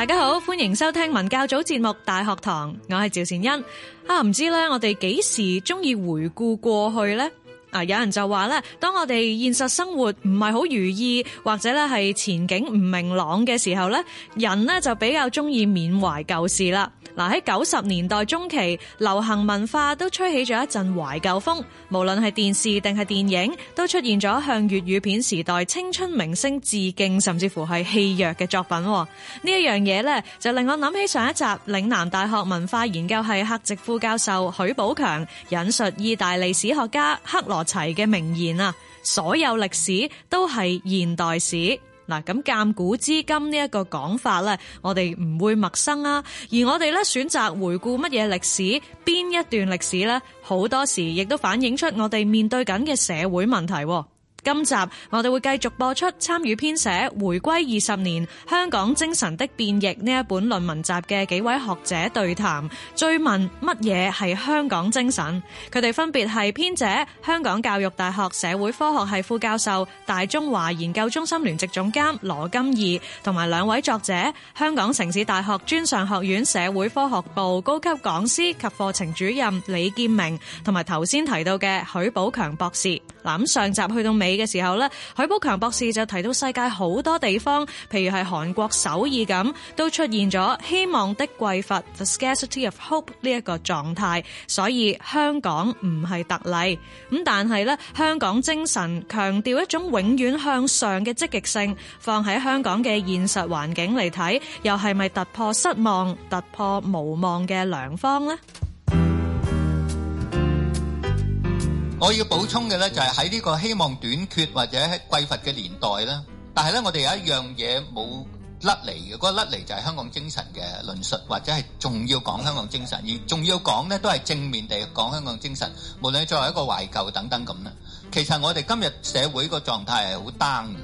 大家好，歡迎收聽文教組節目《大學堂》，我是趙，我係趙善恩啊。唔知呢，我哋幾時中意回顧過去呢？啊！有人就話咧，當我哋現實生活唔係好如意，或者咧係前景唔明朗嘅時候咧，人呢就比較中意緬懷舊事啦。嗱，喺九十年代中期，流行文化都吹起咗一陣懷舊風，無論係電視定係電影，都出現咗向粵語片時代青春明星致敬，甚至乎係戲謔嘅作品。呢一樣嘢呢，就令我諗起上一集嶺南大學文化研究系客席副教授許寶強引述意大利史學家克羅齊嘅名言啊，所有歷史都係現代史。嗱，咁鑑古知今呢一個講法咧，我哋唔會陌生啊。而我哋咧選擇回顧乜嘢歷史，邊一段歷史咧，好多時亦都反映出我哋面對緊嘅社會問題。今集我哋會繼續播出參與編寫《回歸二十年：香港精神的變易》呢一本論文集嘅幾位學者對談，追問乜嘢係香港精神？佢哋分別係編者香港教育大學社會科學系副教授、大中華研究中心聯席總監羅金義，同埋兩位作者香港城市大學專上學院社會科學部高級講師及課程主任李建明，同埋頭先提到嘅許寶強博士。嗱，上集去到尾嘅時候呢，許寶強博士就提到世界好多地方，譬如係韓國首爾咁，都出現咗希望的匱乏 the scarcity of hope 呢一個狀態，所以香港唔係特例。咁但係咧，香港精神強調一種永遠向上嘅積極性，放喺香港嘅現實環境嚟睇，又係咪突破失望、突破無望嘅良方咧？我要補充嘅咧，就係喺呢個希望短缺或者匱乏嘅年代咧。但係咧，我哋有一樣嘢冇甩嚟嘅，嗰個甩嚟就係香港精神嘅論述，或者係仲要講香港精神，而仲要講咧都係正面地講香港精神。無論作為一個懷舊等等咁啦，其實我哋今日社會個狀態係好 down 嘅，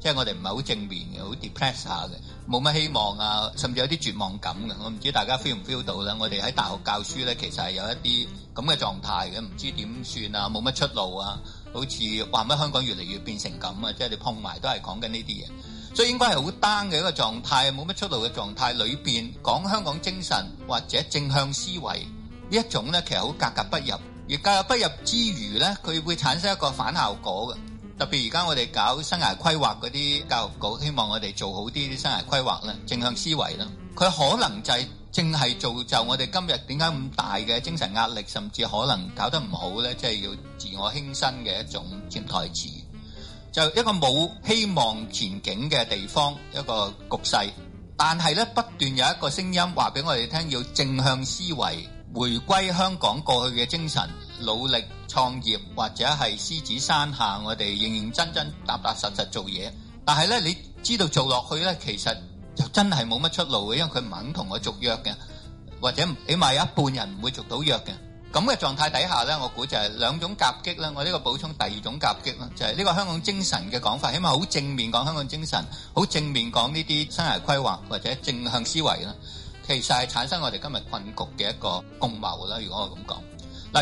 即係我哋唔係好正面嘅，好 depress 下嘅。冇乜希望啊，甚至有啲絕望感嘅，我唔知大家 feel 唔 feel 到啦。我哋喺大學教書咧，其實係有一啲咁嘅狀態嘅，唔知點算啊，冇乜出路啊，好似話乜香港越嚟越變成咁啊，即係你碰埋都係講緊呢啲嘢，所以應該係好 down 嘅一個狀態，冇乜出路嘅狀態裏邊講香港精神或者正向思維呢一種咧，其實好格格不入，而格格不入之餘咧，佢會產生一個反效果嘅。特別而家我哋搞生涯規劃嗰啲教育局，希望我哋做好啲生涯規劃啦，正向思維啦。佢可能就係正係造就我哋今日點解咁大嘅精神壓力，甚至可能搞得唔好咧，即係要自我輕生嘅一種潛台詞。就一個冇希望前景嘅地方一個局勢，但係咧不斷有一個聲音話俾我哋聽，要正向思維，回歸香港過去嘅精神。努力創業或者係獅子山下，我哋認認真真踏踏實實做嘢。但係咧，你知道做落去咧，其實就真係冇乜出路嘅，因為佢唔肯同我續約嘅，或者起碼有一半人唔會續到約嘅。咁嘅狀態底下咧，我估就係兩種夾擊啦。我呢個補充第二種夾擊啦，就係呢個香港精神嘅講法，起碼好正面講香港精神，好正面講呢啲生涯規劃或者正向思維啦。其實係產生我哋今日困局嘅一個共謀啦。如果我咁講。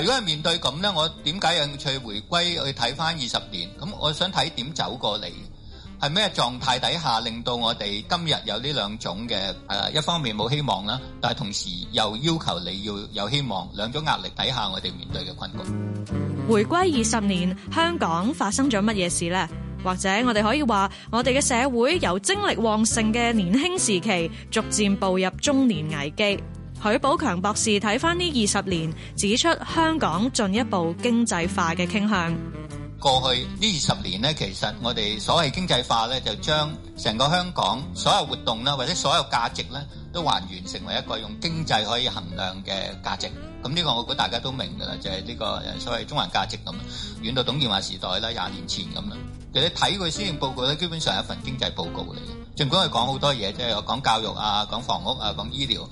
如果係面對咁，呢我點解有興趣回歸去睇翻二十年？咁我想睇點走過嚟，係咩狀態底下令到我哋今日有呢兩種嘅誒？一方面冇希望啦，但係同時又要求你要有希望，兩種壓力底下我哋面對嘅困局。回歸二十年，香港發生咗乜嘢事呢？或者我哋可以話，我哋嘅社會由精力旺盛嘅年輕時期，逐漸步入中年危機。許寶強博士睇返呢二十年，指出香港進一步經濟化嘅傾向。過去呢二十年呢，其實我哋所謂經濟化咧，就將成個香港所有活動啦，或者所有價值咧，都還原成為一個用經濟可以衡量嘅價值。咁呢個我估大家都明噶啦，就係、呃、呢個所謂中環價值咁。遠到董建華時代啦，廿年前咁啦。其實你睇佢施政報告咧，基本上係一份經濟報告嚟嘅。儘管佢講好多嘢，即係講教育啊，講房屋啊，講醫療。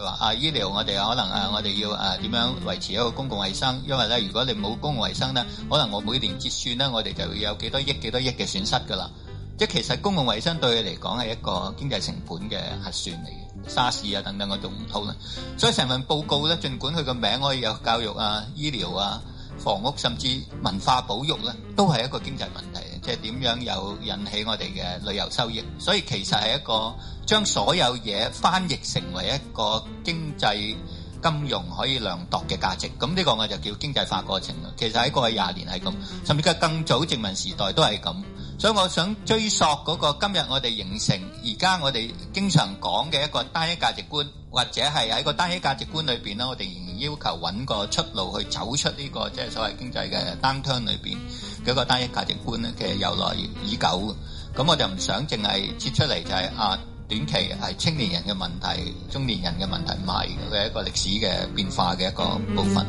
話啊，醫療我哋可能啊，我哋要啊點樣維持一個公共衛生？因為咧，如果你冇公共衛生咧，可能我每年結算咧，我哋就會有幾多億幾多億嘅損失噶啦。即係其實公共衛生對佢嚟講係一個經濟成本嘅核算嚟嘅，沙士啊等等嗰種討論。所以成份報告咧，儘管佢個名可以有教育啊、醫療啊、房屋，甚至文化保育咧，都係一個經濟問題。即係點樣有引起我哋嘅旅遊收益？所以其實係一個將所有嘢翻譯成為一個經濟金融可以量度嘅價值。咁呢個我就叫經濟化過程啦。其實喺過去廿年係咁，甚至係更早殖民時代都係咁。所以我想追溯嗰個今日我哋形成而家我哋經常講嘅一個單一價值觀，或者係喺個單一價值觀裏邊啦，我哋仍然要求揾個出路去走出呢個即係所謂經濟嘅單槍裏邊。嗰個單一價值觀咧，其實由來已久嘅，咁我就唔想淨係切出嚟就係、是、啊短期係青年人嘅問題，中年人嘅問題，唔係，佢係一個歷史嘅變化嘅一個部分。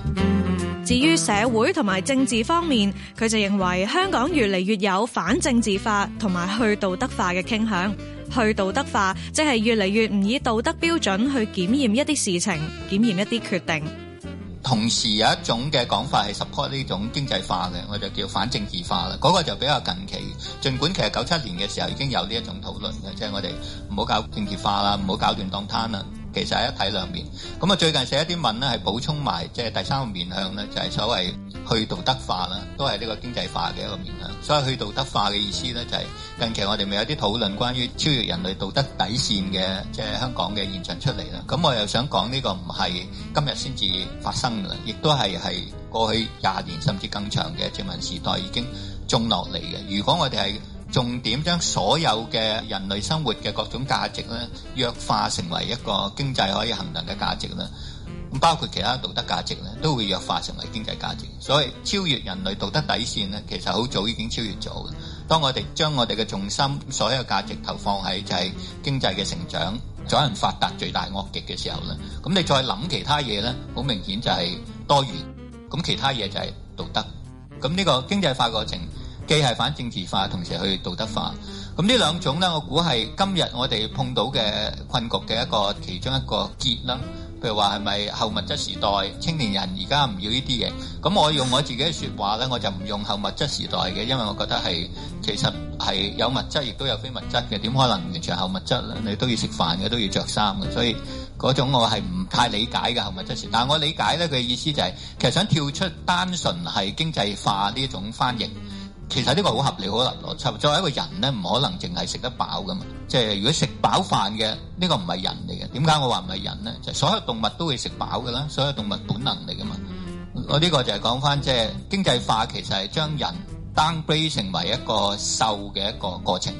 至於社會同埋政治方面，佢就認為香港越嚟越有反政治化同埋去道德化嘅傾向，去道德化即係越嚟越唔以道德標準去檢驗一啲事情，檢驗一啲決定。同時有一種嘅講法係 support 呢種經濟化嘅，我就叫反政治化啦。嗰個就比較近期，儘管其實九七年嘅時候已經有呢一種討論嘅，即係我哋唔好搞政治化啦，唔好搞亂檔攤啦。其實係一體兩面，咁啊最近寫一啲文咧，係補充埋即係第三個面向咧，就係所謂去道德化啦，都係呢個經濟化嘅一個面向。所謂去道德化嘅意思咧，就係近期我哋咪有啲討論關於超越人類道德底線嘅，即係香港嘅現象出嚟啦。咁我又想講呢個唔係今日先至發生嘅，亦都係係過去廿年甚至更長嘅殖民時代已經種落嚟嘅。如果我哋，重點將所有嘅人類生活嘅各種價值咧，弱化成為一個經濟可以衡量嘅價值咧。包括其他道德價值咧，都會弱化成為經濟價值。所以超越人類道德底線咧，其實好早已經超越咗。當我哋將我哋嘅重心所有價值投放喺就係經濟嘅成長，阻人發達最大惡極嘅時候咧，咁你再諗其他嘢咧，好明顯就係多餘。咁其他嘢就係道德。咁呢個經濟化過程，既係反政治化，同時去道德化，咁呢兩種呢，我估係今日我哋碰到嘅困局嘅一個其中一個結啦。譬如話係咪後物質時代，青年人而家唔要呢啲嘢？咁我用我自己嘅説話呢，我就唔用後物質時代嘅，因為我覺得係其實係有物質，亦都有非物質嘅。點可能完全後物質咧？你都要食飯嘅，都要着衫嘅，所以嗰種我係唔太理解嘅後物質時代。但係我理解呢，佢嘅意思就係、是、其實想跳出單純係經濟化呢種翻譯。其實呢個好合理，好立邏輯。作為一個人咧，唔可能淨係食得飽噶嘛。即係如果食飽飯嘅，這個、呢個唔係人嚟嘅。點解我話唔係人咧？就是、所有動物都會食飽噶啦，所有動物本能嚟噶嘛。我、這、呢個就係講翻即係經濟化，其實係將人 downgrade 成為一個瘦嘅一個過程。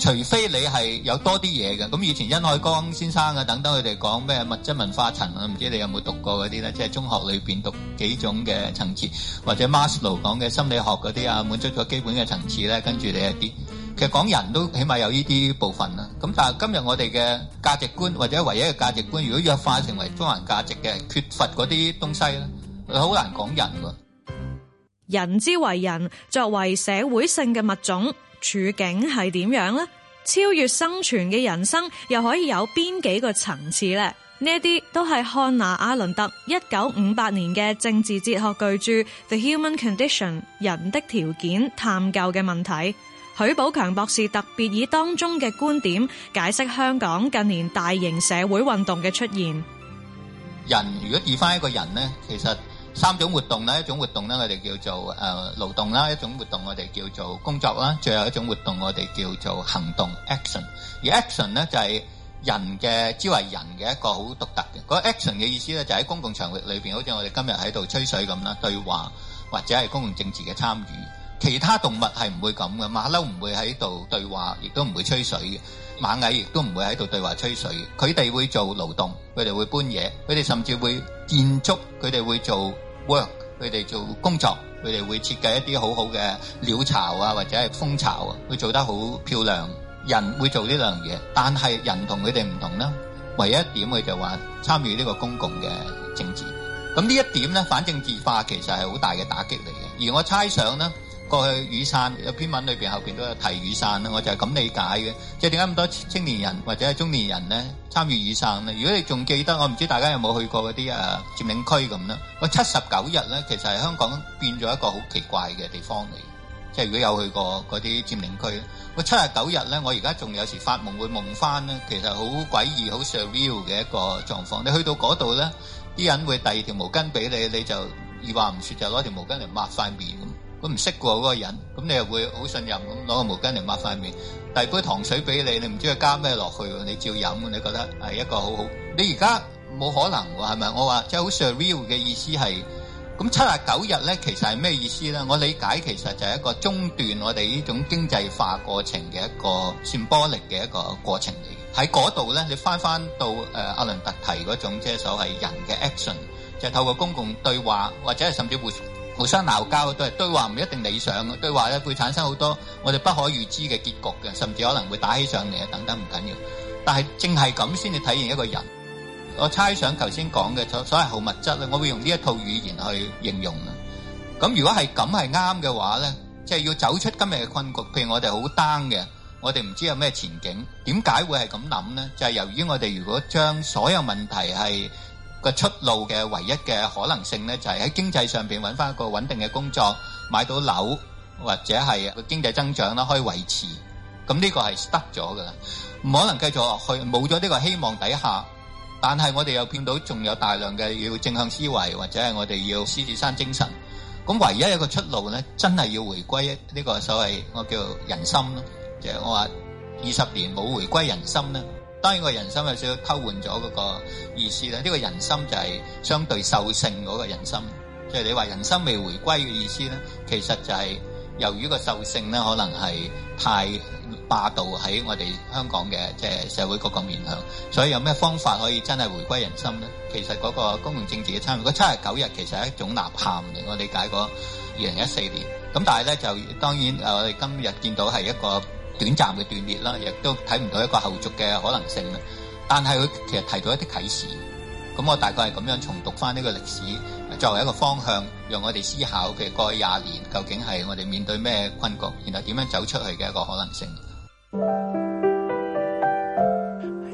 除非你係有多啲嘢嘅，咁以前殷海光先生啊等等佢哋講咩物質文化層啊，唔知你有冇讀過嗰啲咧？即係中學裏邊讀幾種嘅層次，或者 Maslow 講嘅心理學嗰啲啊，滿足咗基本嘅層次咧，跟住你一啲。其實講人都起碼有呢啲部分啦。咁但係今日我哋嘅價值觀或者唯一嘅價值觀，如果弱化成為中環價值嘅，缺乏嗰啲東西咧，好難講人喎。人之為人，作為社會性嘅物種。處境係點樣呢？超越生存嘅人生又可以有邊幾個層次呢？呢啲都係漢娜·阿倫特一九五八年嘅政治哲學巨著《The Human Condition》人的條件探究嘅問題。許寶強博士特別以當中嘅觀點解釋香港近年大型社會運動嘅出現。人如果遇翻一個人呢，其實。三種活動咧，一種活動咧，我哋叫做誒、呃、勞動啦；一種活動我哋叫做工作啦；最後一種活動我哋叫做行動 （action）。而 action 呢，就係人嘅之為人嘅一個好獨特嘅。嗰 action 嘅意思呢，就喺公共場域裏邊，好似我哋今日喺度吹水咁啦，對話或者係公共政治嘅參與。其他動物係唔會咁嘅，馬騮唔會喺度對話，亦都唔會吹水嘅。螞蟻亦都唔會喺度對話吹水。佢哋會做勞動，佢哋會搬嘢，佢哋甚至會建築，佢哋會做 work，佢哋做工作，佢哋會設計一啲好好嘅鳥巢啊，或者係蜂巢啊，會做得好漂亮。人會做呢兩樣嘢，但係人同佢哋唔同啦。唯一一點佢就話參與呢個公共嘅政治，咁呢一點呢，反政治化其實係好大嘅打擊嚟嘅。而我猜想呢。過去雨傘有篇文裏邊後邊都有提雨傘啦，我就係咁理解嘅。即係點解咁多青年人或者係中年人咧參與雨傘咧？如果你仲記得，我唔知大家有冇去過嗰啲誒佔領區咁啦。個七十九日咧，其實係香港變咗一個好奇怪嘅地方嚟。即係如果有去過嗰啲佔領區，個七十九日咧，我而家仲有時發夢會夢翻咧，其實好詭異、好 surreal 嘅一個狀況。你去到嗰度咧，啲人會遞條毛巾俾你，你就二話唔説就攞條毛巾嚟抹塊面。佢唔識過嗰、那個人，咁你又會好信任咁攞個毛巾嚟抹塊面，遞杯糖水俾你，你唔知佢加咩落去喎，你照飲，你覺得係一個好好。你而家冇可能喎，係咪？我話即係好 surreal 嘅意思係，咁七十九日咧，其實係咩意思咧？我理解其實就係一個中斷我哋呢種經濟化過程嘅一個 symbolic 嘅一個過程嚟。喺嗰度咧，你翻翻到誒、呃、阿倫特提嗰種即係所謂人嘅 action，就係透過公共對話或者係甚至乎。互相鬧交都係對話，唔一定理想嘅，對話咧會產生好多我哋不可預知嘅結局嘅，甚至可能會打起上嚟啊等等，唔緊要。但係正係咁先至體現一個人。我猜想頭先講嘅所所謂好物質咧，我會用呢一套語言去形容啦。咁如果係咁係啱嘅話咧，即係要走出今日嘅困局，譬如我哋好 down 嘅，我哋唔知有咩前景。點解會係咁諗咧？就係由於我哋如果將所有問題係。個出路嘅唯一嘅可能性咧，就係喺經濟上邊揾翻一個穩定嘅工作，買到樓或者係個經濟增長啦，可以維持。咁呢個係 stop 咗噶啦，唔可能繼續落去，冇咗呢個希望底下。但係我哋又見到仲有大量嘅要正向思維，或者係我哋要獅子山精神。咁唯一一個出路咧，真係要回歸呢個所謂我叫人心咯。即係我話二十年冇回歸人心咧。當然個人心有少少偷換咗嗰個意思啦，呢個人心就係相對獸性嗰個人心，即係你話人心未回歸嘅意思咧。其實就係由於個獸性咧，可能係太霸道喺我哋香港嘅即係社會各個面向，所以有咩方法可以真係回歸人心咧？其實嗰個公共政治嘅參與，個七十九日其實係一種吶喊嚟。我理解嗰二零一四年，咁但係咧就當然我哋今日見到係一個。短暫嘅斷裂啦，亦都睇唔到一個後續嘅可能性啊！但係佢其實提到一啲啟示，咁我大概係咁樣重讀翻呢個歷史作為一個方向，讓我哋思考，譬如過去廿年究竟係我哋面對咩困局，然後點樣走出去嘅一個可能性。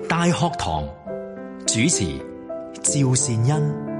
大學堂主持趙善恩。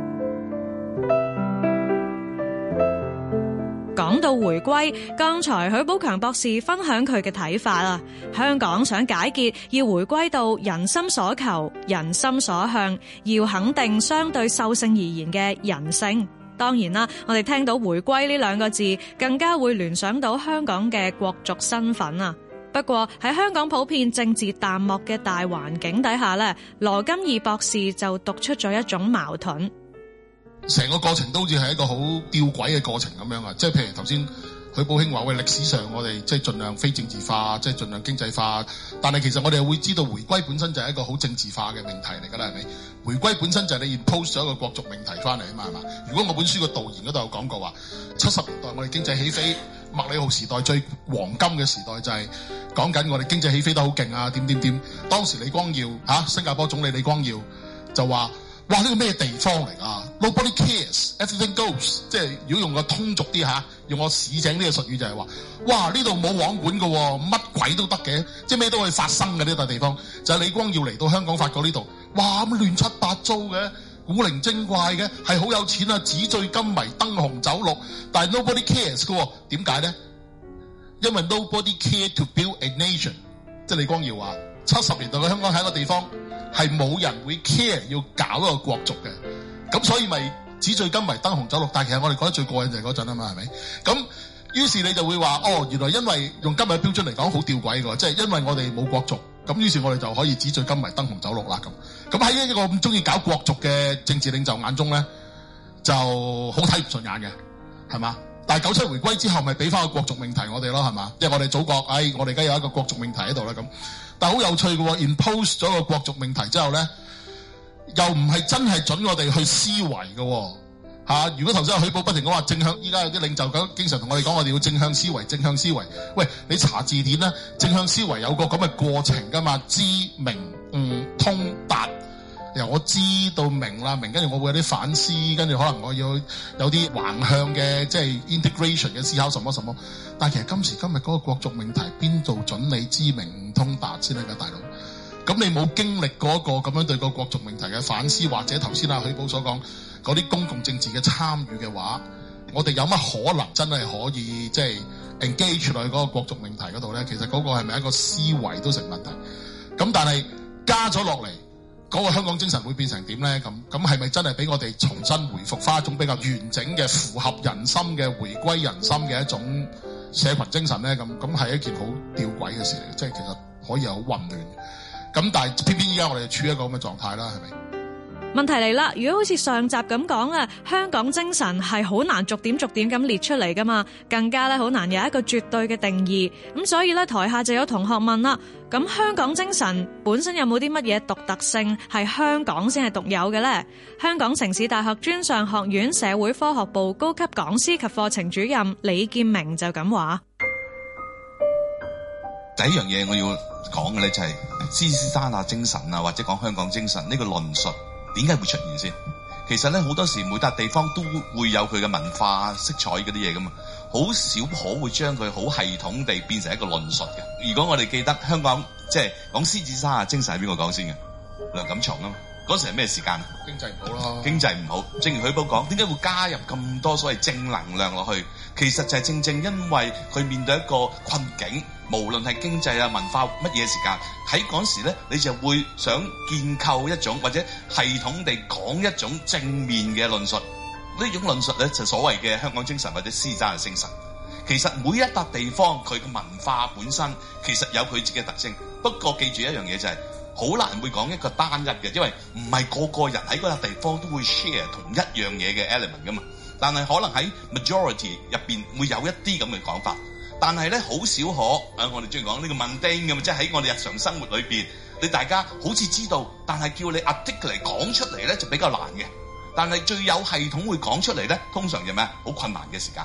回歸，剛才許寶強博士分享佢嘅睇法啊。香港想解決，要回歸到人心所求、人心所向，要肯定相對獸性而言嘅人性。當然啦，我哋聽到回歸呢兩個字，更加會聯想到香港嘅國族身份啊。不過喺香港普遍政治淡漠嘅大環境底下呢，羅金義博士就讀出咗一種矛盾。成個過程都好似係一個好吊詭嘅過程咁樣啊！即係譬如頭先許寶強話：喂，歷史上我哋即係盡量非政治化，即係盡量經濟化。但係其實我哋又會知道回，回歸本身就係一個好政治化嘅命題嚟㗎啦，係咪？回歸本身就係你 impose 咗一個國族命題翻嚟啊嘛，係嘛？如果我本書嘅導言嗰度有講過話，七十年代我哋經濟起飛，麥理浩時代最黃金嘅時代就係講緊我哋經濟起飛得好勁啊！點點點，當時李光耀嚇、啊、新加坡總理李光耀就話。哇！呢個咩地方嚟噶？Nobody cares，everything goes 即。即係如果用個通俗啲嚇、啊，用個市井呢個術語就係話，哇！呢度冇王管嘅喎，乜鬼都得嘅，即係咩都可以發生嘅呢、呢個地方。就係、是、李光耀嚟到香港發覺呢度，哇！咁亂七八糟嘅，古靈精怪嘅，係好有錢啊，紙醉金迷，燈紅酒綠。但係 Nobody cares 嘅喎，點解咧？因為 Nobody care to build a nation。即係李光耀話：七十年代嘅香港係一個地方。係冇人會 care 要搞一個國族嘅，咁所以咪紙醉金迷、燈紅酒綠。但係其實我哋覺得最過癮就係嗰陣啊嘛，係咪？咁於是你就會話，哦，原來因為用今日嘅標準嚟講好吊詭嘅，即係因為我哋冇國族，咁於是我哋就可以紙醉金迷、燈紅酒綠啦咁。咁喺一個咁中意搞國族嘅政治領袖眼中咧，就好睇唔順眼嘅，係嘛？但九七回歸之後，咪俾翻個國族命題我哋咯，係嘛？即係我哋祖國，哎，我哋而家有一個國族命題喺度啦咁。但係好有趣嘅喎，impose 咗個國族命題之後咧，又唔係真係準我哋去思維嘅喎吓。如果頭先阿許寶不停講話正向，依家有啲領袖咁經常同我哋講，我哋要正向思維，正向思維。喂，你查字典啦，正向思維有個咁嘅過程㗎嘛，知明。我知道明啦明，跟住我會有啲反思，跟住可能我要有啲橫向嘅即係 integration 嘅思考，什麼什麼，但係其實今時今日個國族命題邊度准你知明通達先得嘅，大佬。咁你冇經歷過一個咁樣對個國族命題嘅反思，或者頭先阿許寶所講嗰啲公共政治嘅參與嘅話，我哋有乜可能真係可以即係、就是、engage 落去嗰個國族命題嗰度咧？其實嗰個係咪一個思維都成問題？咁但係加咗落嚟。嗰個香港精神會變成點呢？咁咁係咪真係俾我哋重新回復翻一種比較完整嘅符合人心嘅回歸人心嘅一種社群精神呢？咁咁係一件好吊詭嘅事嚟，即係其實可以好混亂嘅。咁但係偏偏而家我哋處一個咁嘅狀態啦，係咪？問題嚟啦！如果好似上集咁講啊，香港精神係好難逐點逐點咁列出嚟噶嘛，更加咧好難有一個絕對嘅定義。咁所以咧，台下就有同學問啦：，咁香港精神本身有冇啲乜嘢獨特性係香港先係獨有嘅呢？香港城市大學專上學院社會科學部高級講師及課程主任李建明就咁話：第一樣嘢我要講嘅咧就係獅子山下精神啊，或者講香港精神呢個論述。點解會出現先？其實咧，好多時每笪地方都會有佢嘅文化色彩嗰啲嘢噶嘛，好少可會將佢好系統地變成一個論述嘅。如果我哋記得香港即係講獅子山啊精神係邊個講先嘅？梁錦松啊嘛。嗰時係咩時間啊？經濟唔好咯。經濟唔好，正如許寶講，點解會加入咁多所謂正能量落去？其實就係正正因為佢面對一個困境，無論係經濟啊、文化乜嘢時間，喺嗰時咧，你就會想建構一種或者系統地講一種正面嘅論述。呢種論述咧，就所謂嘅香港精神或者獅山嘅精神。其實每一笪地方佢嘅文化本身其實有佢自己嘅特徵。不過記住一樣嘢就係。好難會講一個單一嘅，因為唔係個個人喺嗰個地方都會 share 同一樣嘢嘅 element 噶嘛。但係可能喺 majority 入邊會有一啲咁嘅講法，但係咧，好少可啊！我哋中意講呢個 mundane 咁啊，即係喺我哋日常生活裏邊，你大家好似知道，但係叫你 articulate 嚟、er，講出嚟咧就比較難嘅。但係最有系統會講出嚟咧，通常係咩？好困難嘅時間。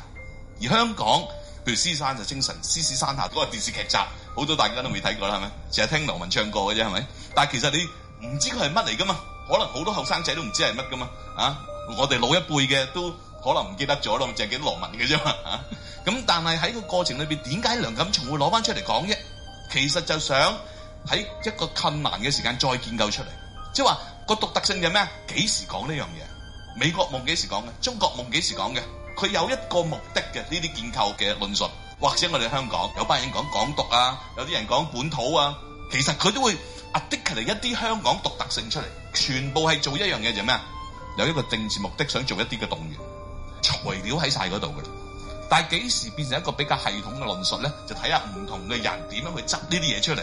而香港。譬如《獅山》就精神，《獅子山下》嗰個電視劇集，好多大家都未睇過啦，係咪？淨係聽羅文唱過嘅啫，係咪？但係其實你唔知佢係乜嚟噶嘛？可能好多後生仔都唔知係乜噶嘛？啊！我哋老一輩嘅都可能唔記，記得咗咯，淨係記得羅文嘅啫嘛。咁但係喺個過程裏邊，點解梁錦松會攞翻出嚟講啫？其實就想喺一個困難嘅時間再建構出嚟，即係話、個獨特性係咩？幾時講呢樣嘢？美國夢幾時講嘅？中國夢幾時講嘅？佢有一個目的嘅，呢啲建構嘅論述，或者我哋香港有班人講港獨啊，有啲人講本土啊，其實佢都會 articulate 嚟一啲香港獨特性出嚟，全部係做一樣嘢就咩啊？有一個政治目的想做一啲嘅動員，材料喺晒度嘅，但係幾時變成一個比較系統嘅論述咧？就睇下唔同嘅人點樣去執呢啲嘢出嚟。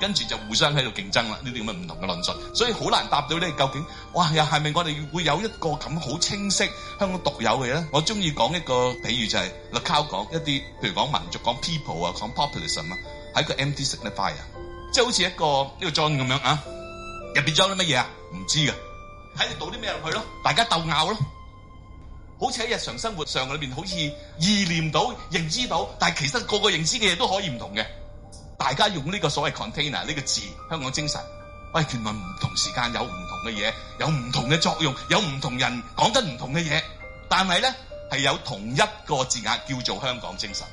跟住就互相喺度競爭啦，呢啲咁嘅唔同嘅論述，所以好難答到呢，究竟，哇，又係咪我哋會有一個咁好清晰香港獨有嘅咧？我中意講一個比喻就係，你靠講一啲，譬如講民族講 people 啊，講 populism 啊，係個 empty signifier，即係好似一個呢個樽咁樣啊，入邊裝啲乜嘢啊？唔知嘅，睇你倒啲咩入去咯，大家鬥拗咯，好似喺日常生活上裏邊，好似意念到、認知到，但係其實個個認知嘅嘢都可以唔同嘅。大家用呢個所謂 container 呢個字，香港精神。喂、哎，全民唔同時間有唔同嘅嘢，有唔同嘅作用，有唔同人講緊唔同嘅嘢，但係咧係有同一個字眼叫做香港精神。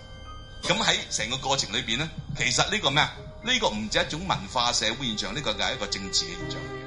咁喺成個過程裏邊咧，其實呢個咩啊？呢、這個唔只一種文化社會現象，呢、這個就係一個政治嘅現象。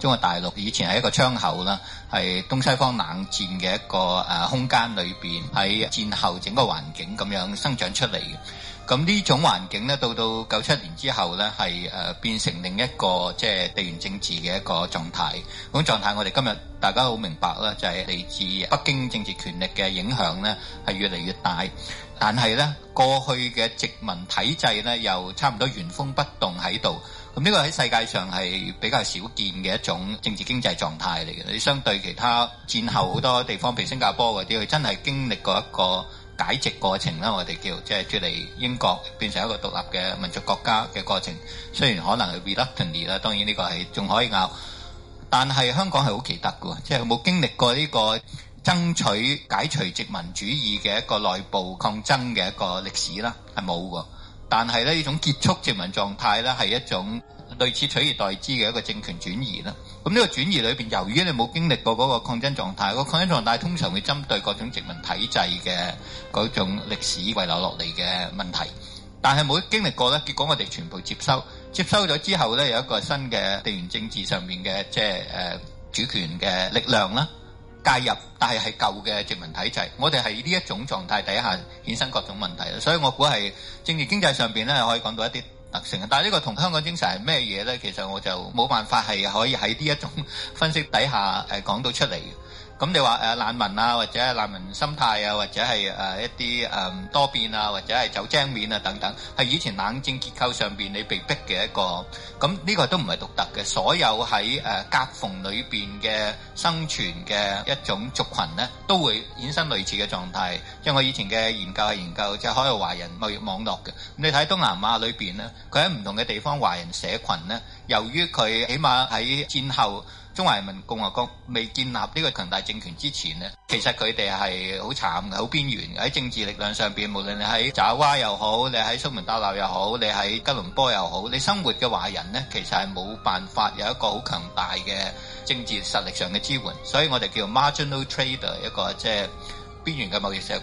中國大陸以前係一個窗口啦，係東西方冷戰嘅一個誒空間裏邊，喺戰後整個環境咁樣生長出嚟嘅。咁呢種環境咧，到到九七年之後咧，係誒變成另一個即係、就是、地緣政治嘅一個狀態。咁、那個、狀態我哋今日大家都好明白啦，就係、是、嚟自北京政治權力嘅影響咧，係越嚟越大。但係咧，過去嘅殖民體制咧，又差唔多原封不動喺度。呢個喺世界上係比較少見嘅一種政治經濟狀態嚟嘅。你相對其他戰後好多地方，譬如新加坡嗰啲，佢真係經歷過一個解殖過程啦，我哋叫即係脱離英國變成一個獨立嘅民族國家嘅過程。雖然可能係 reluctantly 啦，當然呢個係仲可以拗，但係香港係好奇特嘅，即係佢冇經歷過呢個爭取解除殖民主義嘅一個內部抗爭嘅一個歷史啦，係冇嘅。但係呢種結束殖民狀態呢，係一種類似取而代之嘅一個政權轉移啦。咁呢個轉移裏邊，由於你冇經歷過嗰個抗爭狀態，個抗爭狀態通常會針對各種殖民體制嘅嗰種歷史遺留落嚟嘅問題。但係冇經歷過呢，結果我哋全部接收，接收咗之後呢，有一個新嘅地緣政治上面嘅即係誒主權嘅力量啦。介入，但係係舊嘅殖民體制，我哋係呢一種狀態底下衍生各種問題，所以我估係政治經濟上邊咧係可以講到一啲特性嘅，但係呢個同香港精神係咩嘢咧？其實我就冇辦法係可以喺呢一種分析底下誒講到出嚟。咁、嗯、你話誒、啊、難民啊，或者難民心態啊，或者係誒、啊、一啲誒、嗯、多變啊，或者係走精面啊等等，係以前冷戰結構上邊你被逼嘅一個。咁、嗯、呢、這個都唔係獨特嘅，所有喺誒夾縫裏邊嘅生存嘅一種族群呢，都會衍生類似嘅狀態。因為我以前嘅研究係研究即係海外華人貿易網絡嘅。你睇東南亞裏邊呢，佢喺唔同嘅地方華人社群呢，由於佢起碼喺戰後。中華人民共和國未建立呢個強大政權之前呢，其實佢哋係好慘嘅，好邊緣嘅，喺政治力量上面，無論你喺爪哇又好，你喺蘇門答臘又好，你喺吉隆坡又好，你生活嘅華人呢，其實係冇辦法有一個好強大嘅政治實力上嘅支援，所以我哋叫做 marginal trader 一個即係邊緣嘅貿易者。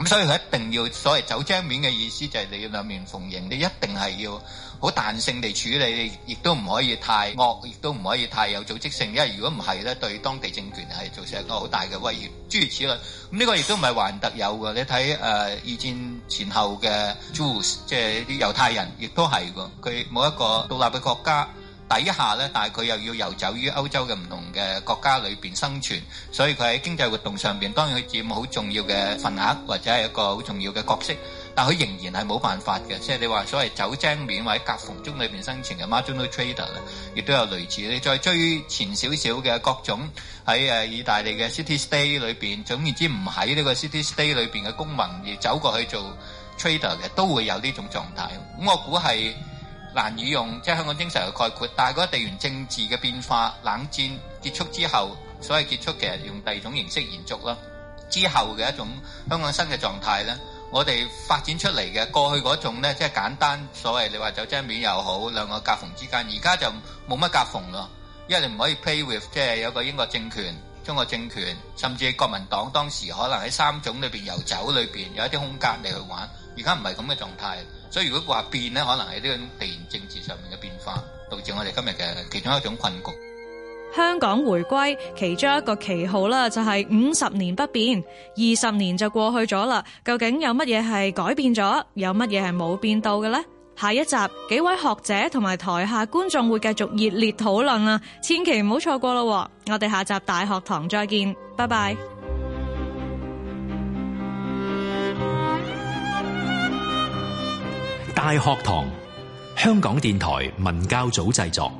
咁、嗯、所以佢一定要所謂走正面嘅意思，就係你要兩面逢迎，你一定係要好彈性地處理，亦都唔可以太惡，亦都唔可以太有組織性，因為如果唔係咧，對當地政權係造成一個好大嘅威脅，諸如此類，咁呢、嗯，這個亦都唔係華人特有嘅，你睇，誒、呃、二戰前後嘅 Jews 即係啲猶太人，亦都係㗎。佢冇一個獨立嘅國家。底下咧，但係佢又要游走於歐洲嘅唔同嘅國家裏邊生存，所以佢喺經濟活動上邊，當然佢佔好重要嘅份額或者係一個好重要嘅角色。但佢仍然係冇辦法嘅，即係你話所謂走精面或者夾縫中裏邊生存嘅 marginal trader 咧，亦都有類似。你再追前少少嘅各種喺誒、意大利嘅 city state 裏邊，總言之唔喺呢個 city state 裏邊嘅公民而走過去做 trader 嘅，都會有呢種狀態，咁我估係。難以用即係香港精神去概括，但係嗰個地緣政治嘅變化，冷戰結束之後，所謂結束其實用第二種形式延續啦。之後嘅一種香港新嘅狀態呢，我哋發展出嚟嘅過去嗰種呢，即係簡單所謂你話走精面又好，兩個夾縫之間，而家就冇乜夾縫咯。因為你唔可以 play with，即係有個英國政權、中國政權，甚至國民黨當時可能喺三種裏邊遊走裏邊，有一啲空間你去玩。而家唔係咁嘅狀態，所以如果話變咧，可能係呢種地緣政治上面嘅變化，導致我哋今日嘅其中一種困局。香港回歸其中一個旗號啦，就係五十年不變，二十年就過去咗啦。究竟有乜嘢係改變咗，有乜嘢係冇變到嘅呢？下一集幾位學者同埋台下觀眾會繼續熱烈討論啊！千祈唔好錯過咯，我哋下集大學堂再見，拜拜。大學堂，香港電台文教組製作。